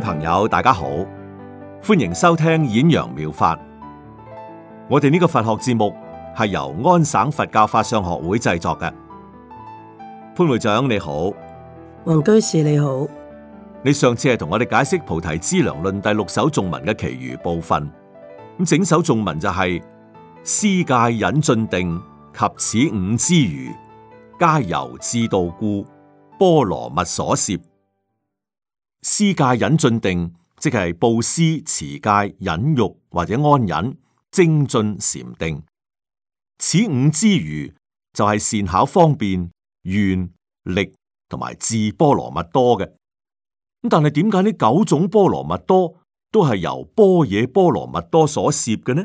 朋友，大家好，歡迎收聽演揚妙，妙法。我哋呢個佛學節目係由安省佛教法相學會製作嘅。潘會長你好，黃居士你好，你上次係同我哋解釋《菩提資糧論》第六首頌文嘅其餘部分。咁整首頌文就係施戒忍進定及此五之餘，皆由智度故，波羅蜜所攝。私戒引進定，即係布施、持戒、忍辱或者安忍、精進、禪定。此五之餘，就係、是、善巧方便、願力同埋智波羅蜜多嘅。咁但係點解呢九種波羅蜜多都係由般若波羅蜜多所攝嘅呢？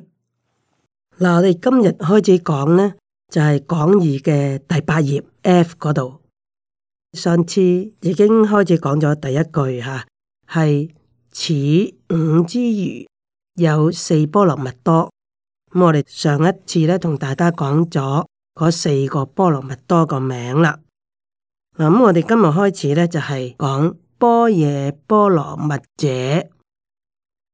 嗱，我哋今日開始講呢，就係、是、講義嘅第八頁 F 嗰度。上次已經開始講咗第一句吓，係、啊、此五之餘有四波羅蜜多。咁、嗯、我哋上一次咧同大家講咗嗰四個波羅蜜多個名啦。咁、嗯嗯、我哋今日開始咧就係、是、講般若波羅蜜者。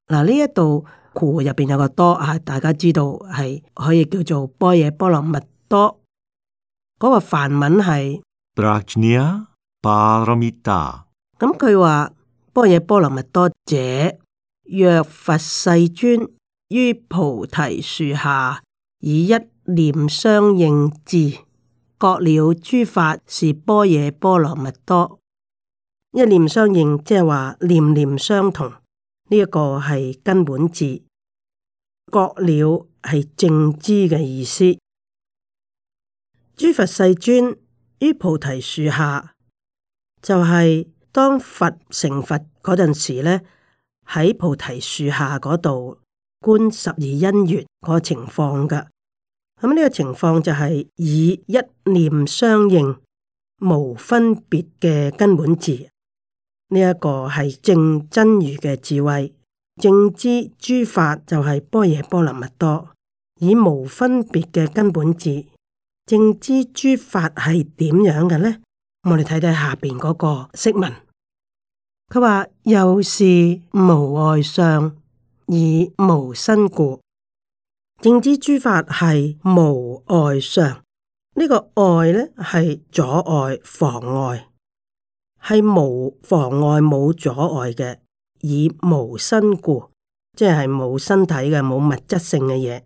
嗱、嗯，呢一度括弧入邊有個多啊，大家知道係可以叫做般若波羅蜜多。嗰、那個梵文係。嗯、波羅蜜多，咁佢話般若波羅蜜多者，若佛世尊於菩提樹下，以一念相應智，覺了諸法是般若波羅蜜多。一念相應，即係話念念相同，呢、這、一個係根本智。覺了係正知嘅意思。諸佛世尊於菩提樹下。就係當佛成佛嗰陣時呢，喺菩提樹下嗰度觀十二因緣個情況噶。咁、這、呢個情況就係以一念相應無分別嘅根本智。呢、這、一個係正真如嘅智慧。正知諸法就係般若波羅蜜多，以無分別嘅根本智，「正知諸法」係點樣嘅呢？我哋睇睇下邊嗰個釋文，佢話，又是無外相，以無身故，正知諸法係無外相。這個、呢個外咧係阻礙、妨礙，係無妨礙、冇阻礙嘅，以無身故，即係冇身體嘅、冇物質性嘅嘢。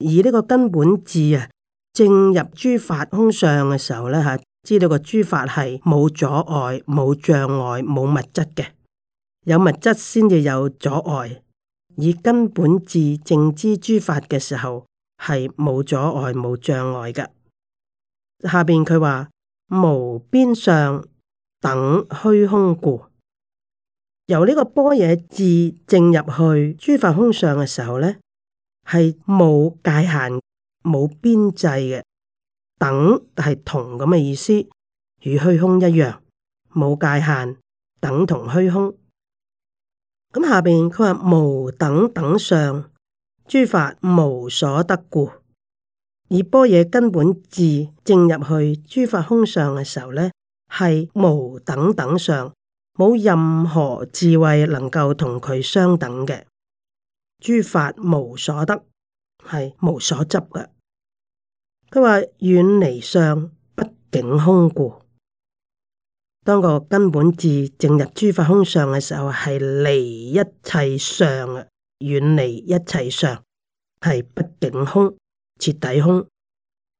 而呢個根本智啊，正入諸法空相嘅時候咧，吓。知道個諸法係冇阻礙、冇障礙、冇物質嘅，有物質先至有阻礙。以根本智正知諸法嘅時候，係冇阻礙、冇障礙嘅。下邊佢話無邊相等虛空故，由呢個般若智正入去諸法空相嘅時候咧，係冇界限、冇邊際嘅。等係同咁嘅意思，如虛空一樣，冇界限，等同虛空。咁下邊佢話無等，等等上，諸法無所得故。而般若根本智正入去諸法空相嘅時候呢，係無等，等等上，冇任何智慧能夠同佢相等嘅。諸法無所得，係無所執嘅。佢話遠離相，畢竟空故。當個根本智證入諸法空相嘅時候，係離一切相啊，遠離一切相，係畢竟空，徹底空，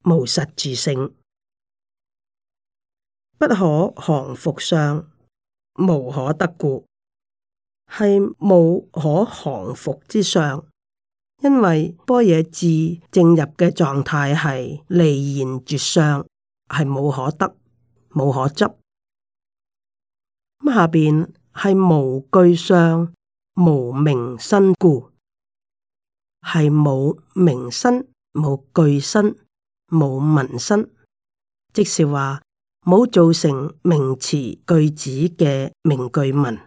無實自性，不可降服相，無可得故，係無可降服之相。因為般若智正入嘅狀態係離言絕相，係冇可得、冇可執。下邊係無句相、無名身故，係冇名身、冇句身、冇文身，即是話冇造成名詞句子嘅名句文，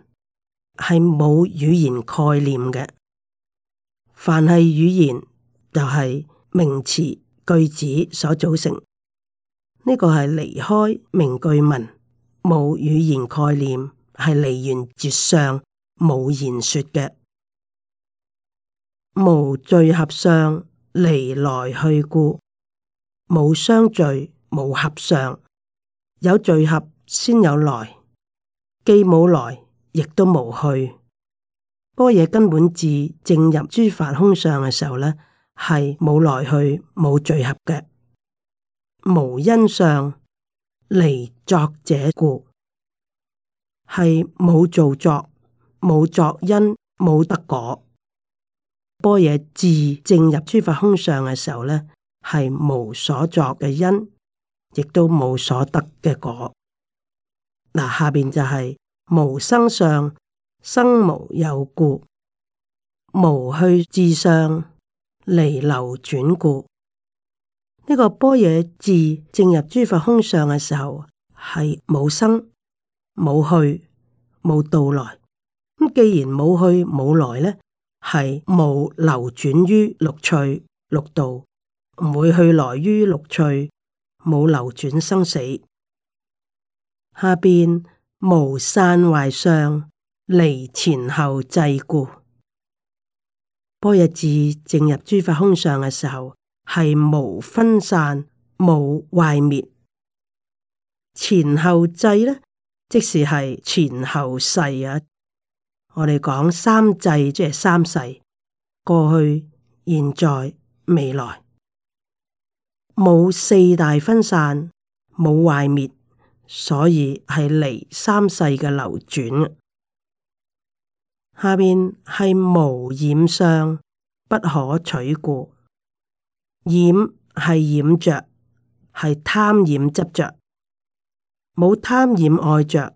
係冇語言概念嘅。凡係語言，就係、是、名詞句子所組成。呢個係離開名句文，冇語言概念，係離言絕相，冇言說嘅，冇聚合相，離來去故，冇相聚，冇合相，有聚合先有來，既冇來，亦都冇去。般若根本自正入諸法空相嘅時候呢係冇來去、冇聚合嘅，無因相離作者故，係冇造作、冇作因、冇得果。般若自正入諸法空相嘅時候呢係無所作嘅因，亦都冇所得嘅果。嗱、呃，下邊就係、是、無生相。生無有故，無去至上，離流轉故。呢、這個波耶字正入諸法空相嘅時候，係冇生、冇去、冇到來。咁既然冇去冇來呢，係無流轉於六趣六道，唔會去來於六趣，冇流轉生死。下邊無散壞相。離前後際故，波若智正入諸法空相嘅時候，係無分散、冇壞滅。前後際呢，即是係前後世啊。我哋講三際，即係三世：過去、現在、未來。冇四大分散，冇壞滅，所以係離三世嘅流轉。下面係無染相，不可取故。染係染着，係貪染執着，冇貪染愛着，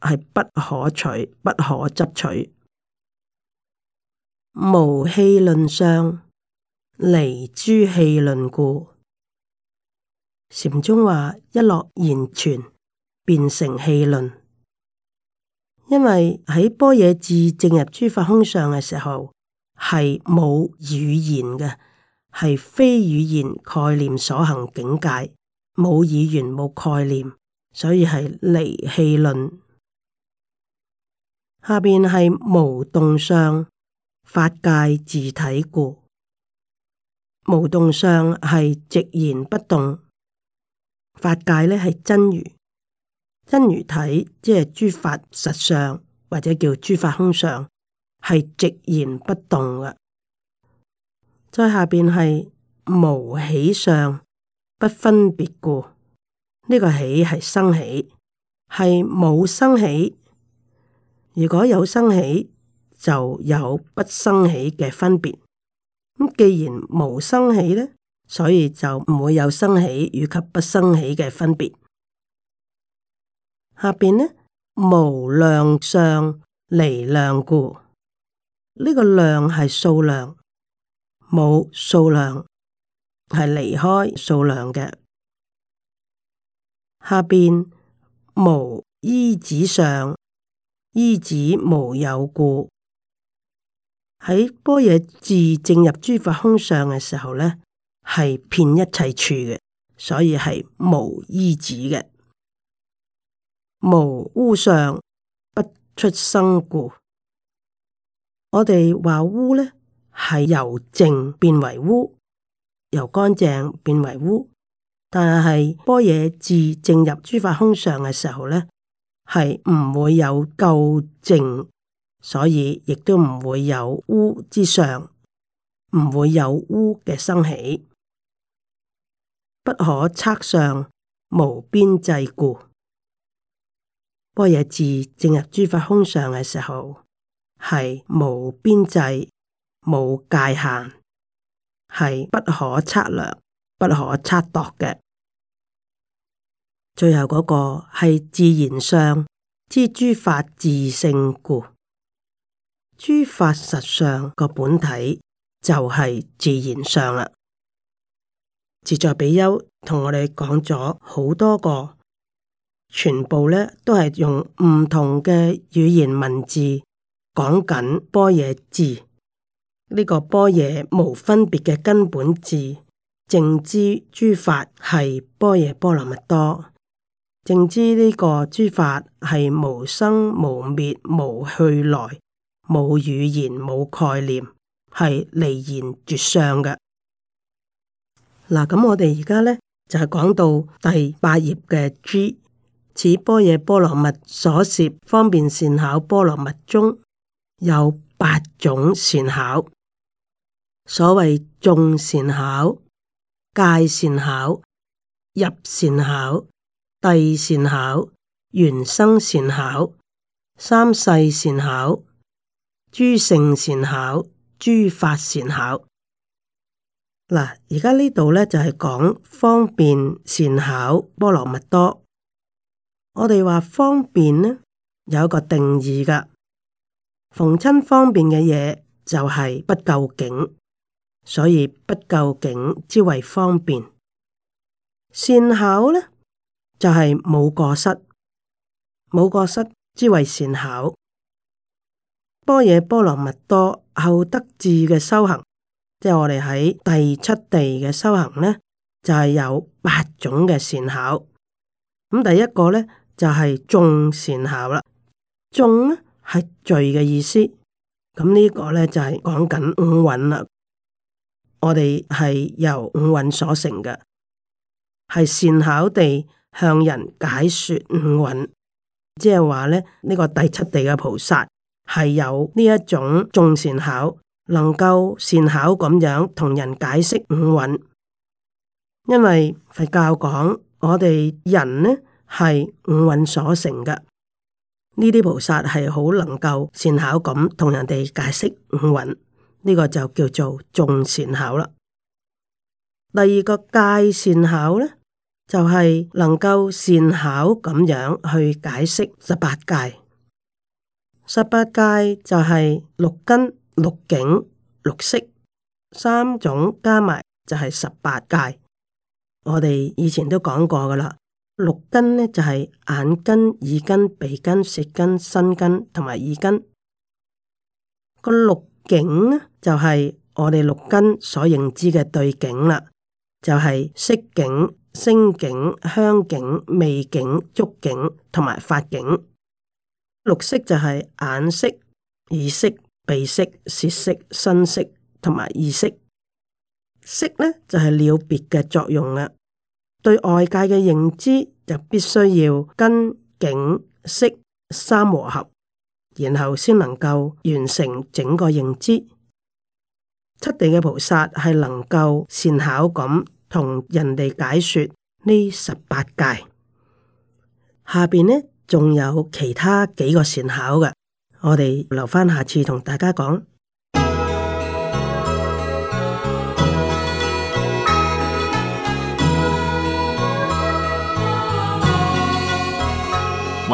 係不可取，不可執取。無戲論相，離諸戲論故。禪宗話：一落言傳，變成戲論。因為喺般若智正入諸法空相嘅時候，係冇語言嘅，係非語言概念所行境界，冇語言冇概念，所以係離戲論。下邊係無動相，法界自體故。無動相係寂然不動，法界呢係真如。真如體即係諸法實相，或者叫諸法空相，係寂然不動嘅。再下邊係無起相，不分別故。呢個起係生起，係冇生起。如果有生起，就有不生起嘅分別。咁既然無生起呢，所以就唔會有生起與及不生起嘅分別。下邊呢？無量相，離量故，呢、這個量係數量，冇數量，係離開數量嘅。下邊無依止相，依止無有故。喺般若智正入諸法空相嘅時候呢，係遍一切處嘅，所以係無依止嘅。無污相，不出生故。我哋話污呢係由淨變為污，由乾淨變為污，但係般若自淨入諸法空相嘅時候呢，係唔會有垢淨，所以亦都唔會有污之相，唔會有污嘅生起。不可測相無邊際故，般若智進入諸法空相嘅時候，係無邊際、無界限，係不可測量、不可測度嘅。最後嗰個係自然相，之諸法自性故，諸法實相個本體就係自然相啦。自在比丘同我哋講咗好多個。全部呢都係用唔同嘅語言文字講緊般若字，呢、這個般若無分別嘅根本字，正知諸法係般若波羅蜜多，正知呢個諸法係無生無滅無去來，冇語言冇概念，係離言絕相嘅。嗱，咁、嗯、我哋而家呢，就係講到第八頁嘅 G。此般若波羅蜜所攝方便善巧波羅蜜中有八種善巧，所謂眾善巧、界善巧、入善巧、諦善巧、緣生善巧、三世善巧、諸勝善巧、諸法善巧。嗱，而家呢度咧就係、是、講方便善巧波羅蜜多。我哋話方便呢，有一個定義噶。逢親方便嘅嘢就係不究竟，所以不究竟之為方便。善巧呢，就係冇過失，冇過失之為善巧。般若波羅蜜多後得智嘅修行，即係我哋喺第七地嘅修行呢，就係、是、有八種嘅善巧。咁、嗯、第一個呢？就係眾善巧啦，眾咧係聚嘅意思，咁、這個、呢個咧就係、是、講緊五蘊啦。我哋係由五蘊所成嘅，係善巧地向人解說五蘊，即係話咧呢、這個第七地嘅菩薩係有呢一種眾善巧，能夠善巧咁樣同人解釋五蘊，因為佛教講我哋人呢。係五蘊所成嘅，呢啲菩薩係好能夠善巧咁同人哋解釋五蘊呢、這個就叫做重善巧啦。第二個界善巧呢，就係、是、能夠善巧咁樣去解釋十八界。十八界就係六根、六境、六識三種加埋就係十八界。我哋以前都講過噶啦。六根呢，就係眼根、耳根、鼻根、舌根、身根同埋意根。個六境呢，就係我哋六根所認知嘅對境啦，就係、是、色境、聲境、香境、味境、觸境同埋法境。六識就係眼識、耳識、鼻識、舌識、色、身識同埋意識。識呢，就係了別嘅作用啦。對外界嘅認知就必須要根境識三和合，然後先能夠完成整個認知。七地嘅菩薩係能夠善巧咁同人哋解說呢十八界，下面呢，仲有其他幾個善巧嘅，我哋留翻下次同大家講。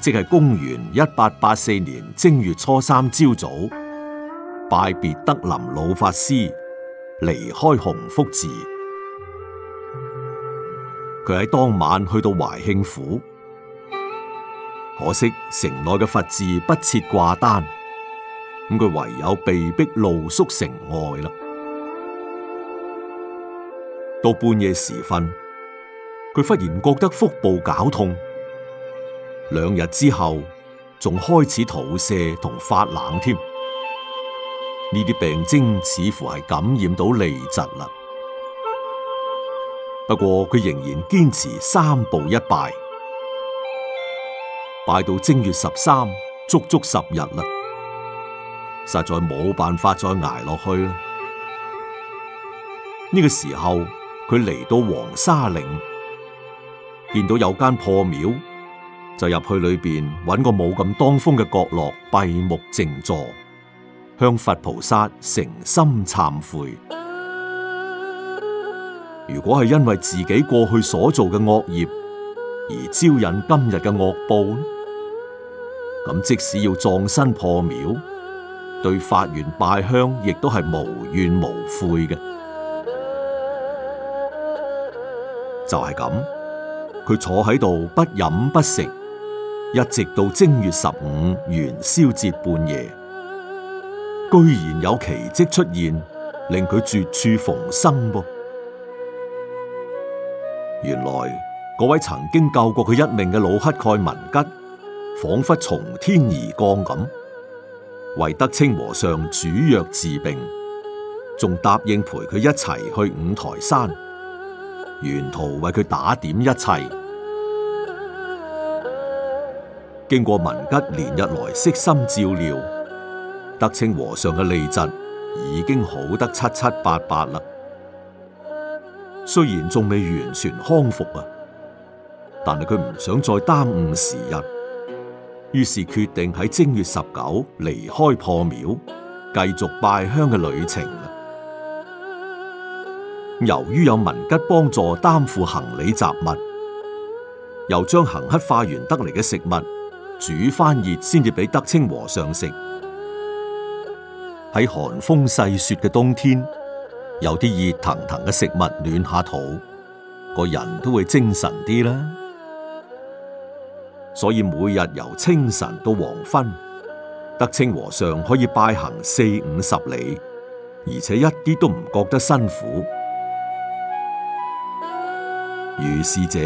即係公元一八八四年正月初三朝早，拜別德林老法師，離開洪福寺。佢喺當晚去到懷慶府，可惜城內嘅佛寺不設掛單，咁佢唯有被迫露宿城外啦。到半夜時分，佢忽然覺得腹部絞痛。兩日之後，仲開始吐瀉同發冷添，呢啲病徵似乎係感染到痢疾啦。不過佢仍然堅持三步一拜，拜到正月十三，足足十日啦，實在冇辦法再挨落去。呢個時候，佢嚟到黃沙嶺，見到有間破廟。就入去裏邊揾個冇咁當風嘅角落，閉目靜坐，向佛菩薩誠心懺悔。如果係因為自己過去所做嘅惡業而招引今日嘅惡報，咁即使要葬身破廟，對法緣拜香亦都係無怨無悔嘅。就係咁，佢坐喺度不飲不食。一直到正月十五元宵節半夜，居然有奇蹟出現，令佢絕處逢生噃啊。原來嗰位曾經救過佢一命嘅老乞丐文吉，仿佛從天而降咁，為德清和尚煮藥治病，仲答應陪佢一齊去五台山，沿途為佢打點一切。經過文吉連日來悉心照料，德清和尚嘅痢疾已經好得七七八八啦。雖然仲未完全康復啊，但係佢唔想再耽誤時日，於是決定喺正月十九離開破廟，繼續拜香嘅旅程。由於有文吉幫助擔負行李雜物，又將行乞化緣得嚟嘅食物。煮翻熱先至俾德清和尚食。喺寒風細雪嘅冬天，有啲熱騰騰嘅食物暖下肚，個人都會精神啲啦。所以每日由清晨到黃昏，德清和尚可以拜行四五十里，而且一啲都唔覺得辛苦。如是者，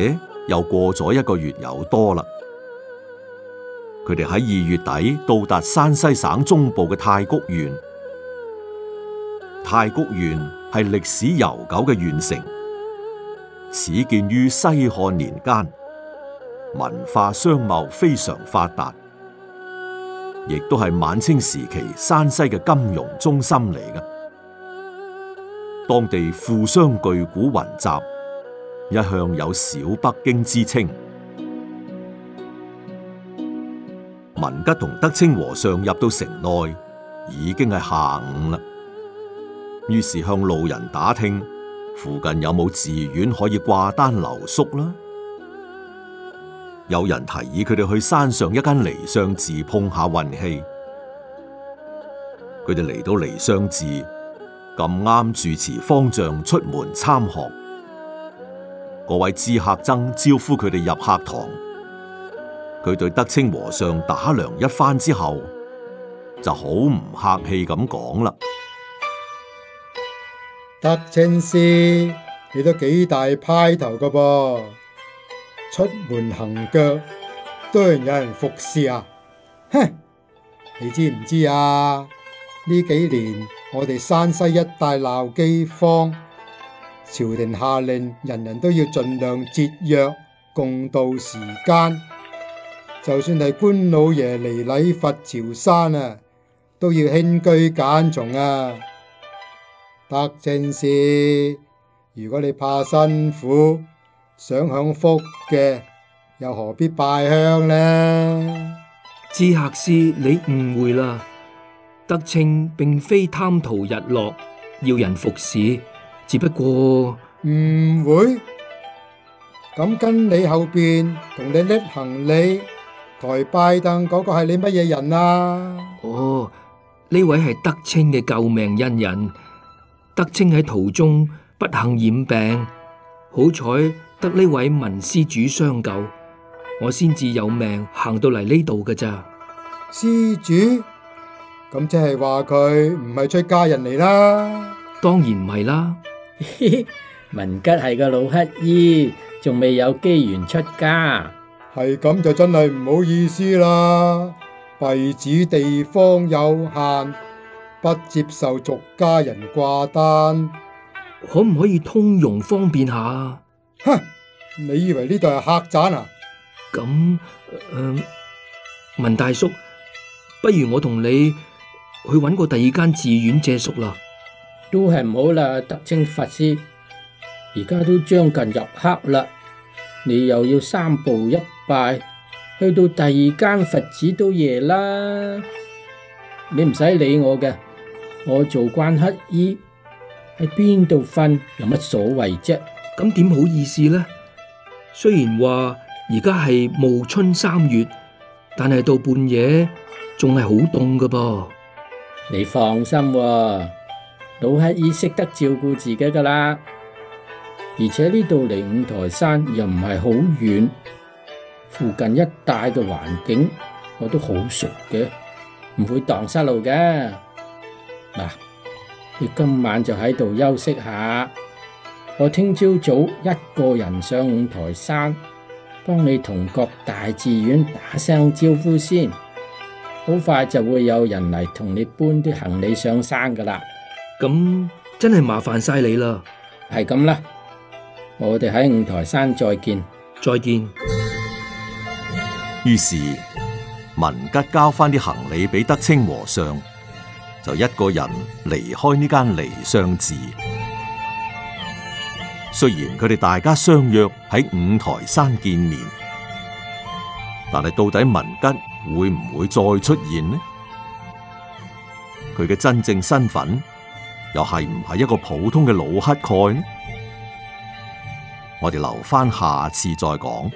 又過咗一個月有多啦。佢哋喺二月底到達山西省中部嘅太谷縣。太谷縣係歷史悠久嘅縣城，始建於西漢年間，文化商貿非常發達，亦都係晚清時期山西嘅金融中心嚟嘅。當地富商巨賈雲集，一向有小北京之稱。文吉同德清和尚入到城內，已經係下午啦。於是向路人打聽附近有冇寺院可以掛單留宿啦。有人提議佢哋去山上一間離相寺碰下運氣。佢哋嚟到離相寺，咁啱住持方丈出門參學，嗰位知客僧招呼佢哋入客堂。佢對德清和尚打量一番之後，就好唔客氣咁講啦：德清師，你都幾大派頭㗎噃，出門行腳都係有，有人服侍啊！哼，你知唔知啊？呢幾年我哋山西一帶鬧饑荒，朝廷下令人人都要盡量節約，共度時艱。就算係官老爺嚟，禮佛朝山啊，都要輕居簡從啊。德清師，如果你怕辛苦，想享福嘅，又何必拜香呢？知客師，你誤會啦。德清並非貪圖日落，要人服侍，只不過唔、嗯、會咁跟你後邊同你拎行李。台拜凳，嗰個係你乜嘢人啊？哦，呢位係德清嘅救命恩人，德清喺途中不幸染病，好彩得呢位文施主相救，我先至有命行到嚟呢度嘅咋。施主，咁即係話佢唔係出家人嚟啦？當然唔係啦， 文吉係個老乞衣，仲未有機緣出家。係咁就真係唔好意思啦，弟子地方有限，不接受俗家人掛單。可唔可以通融方便下？哼！你以為呢度係客棧啊？咁，嗯、呃，文大叔，不如我同你去揾個第二間寺院借宿啦。都係唔好啦，德清法師，而家都將近入黑啦，你又要三步一。快去到第二間佛寺都夜啦，你唔使理我嘅，我做慣乞衣，喺邊度瞓有乜所謂啫？咁點好意思呢？雖然話而家係暮春三月，但係到半夜仲係好凍噶噃。你放心喎，老乞衣識得照顧自己噶啦，而且呢度離五台山又唔係好遠。附近一帶嘅環境我都好熟嘅，唔會蕩失路嘅。嗱、啊，你今晚就喺度休息下，我聽朝早一個人上五台山，幫你同各大寺院打聲招呼先。好快就會有人嚟同你搬啲行李上山噶啦。咁真係麻煩晒你啦，係咁啦，我哋喺五台山再見，再見。於是文吉交翻啲行李俾德清和尚，就一個人離開呢間離相寺。雖然佢哋大家相約喺五台山見面，但係到底文吉會唔會再出現呢？佢嘅真正身份又係唔係一個普通嘅老乞丐呢？我哋留翻下次再講。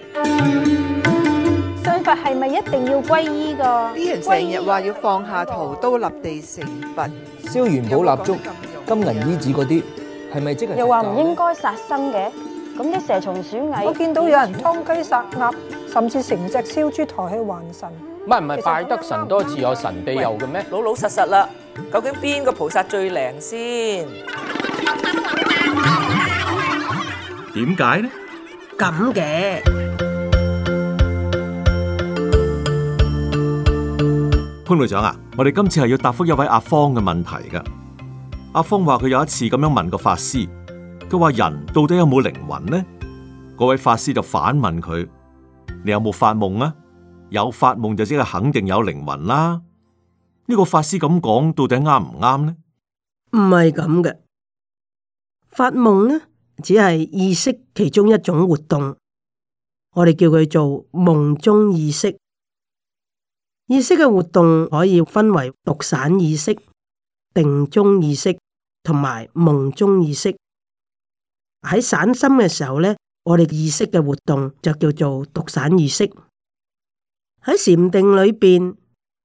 佛係咪一定要皈依噶？啲人成日話要放下屠刀立地成佛，燒元寶蠟燭、金銀衣紙嗰啲，係咪即係？又話唔應該殺生嘅，咁啲蛇蟲鼠蟻，我見到有人劏雞殺鴨，甚至成隻燒豬抬去還神。唔係唔係，拜得神多自有神庇佑嘅咩？老老實實啦，究竟邊個菩薩最靈先？點解呢？咁嘅。潘隊長啊，我哋今次係要答覆一位阿芳嘅問題噶。阿芳話佢有一次咁樣問個法師，佢話人到底有冇靈魂呢？嗰位法師就反問佢：你有冇發夢啊？有發夢就即係肯定有靈魂啦。呢個法師咁講到底啱唔啱呢？唔係咁嘅，發夢呢只係意識其中一種活動，我哋叫佢做夢中意識。意識嘅活動可以分為獨散意識、定中意識同埋夢中意識。喺散心嘅時候呢，我哋意識嘅活動就叫做獨散意識；喺禪定裏邊，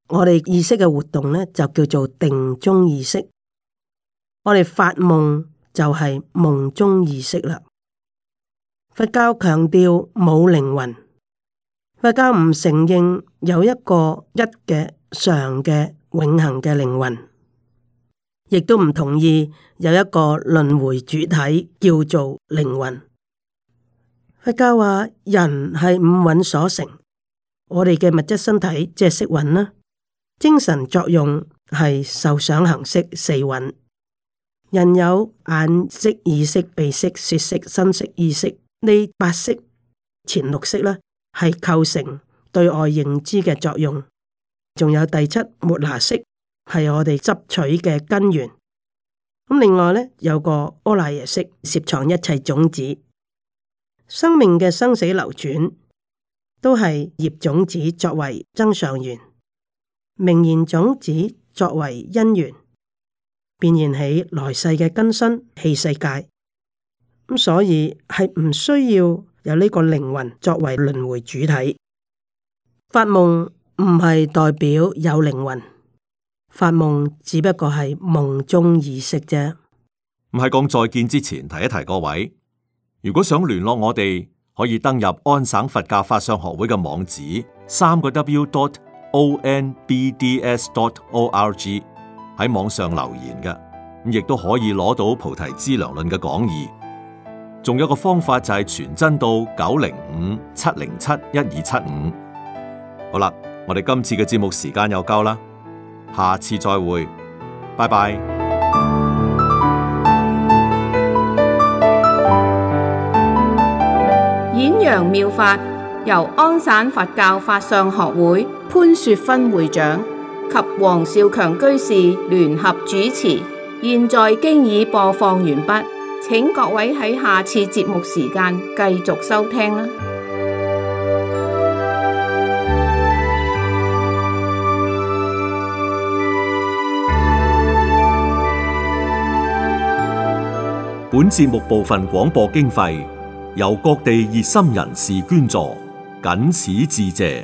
我哋意識嘅活動呢就叫做定中意識。我哋發夢就係夢中意識啦。佛教強調冇靈魂。佛教唔承認有一個一嘅常嘅永恒嘅靈魂，亦都唔同意有一個輪回主體叫做靈魂。佛教話人係五蘊所成，我哋嘅物質身體即係色蘊啦，精神作用係受想行識四蘊，人有眼識、耳識、鼻識、舌識、身識、意識呢八識，前六識啦。係構成對外認知嘅作用，仲有第七末那識係我哋執取嘅根源。咁另外咧有個阿賴耶識攝藏一切種子，生命嘅生死流轉都係業種子作為增上緣，名言種子作為因緣，變現起來世嘅根身器世界。咁所以係唔需要。有呢個靈魂作為輪回主體，發夢唔係代表有靈魂，發夢只不過係夢中意識啫。唔係講再見之前提一提各位，如果想聯絡我哋，可以登入安省佛教法相學會嘅網址，三個 W 點 O N B D S 點 O R G 喺網上留言嘅，亦都可以攞到《菩提資糧論》嘅講義。仲有個方法就係傳真到九零五七零七一二七五。好啦，我哋今次嘅節目時間又夠啦，下次再會，拜拜。演揚妙法由安省佛教法相學會潘雪芬會長及黃少強居士聯合主持，現在經已播放完畢。請各位喺下次節目時間繼續收聽啦。本節目部分廣播經費由各地熱心人士捐助，謹此致謝。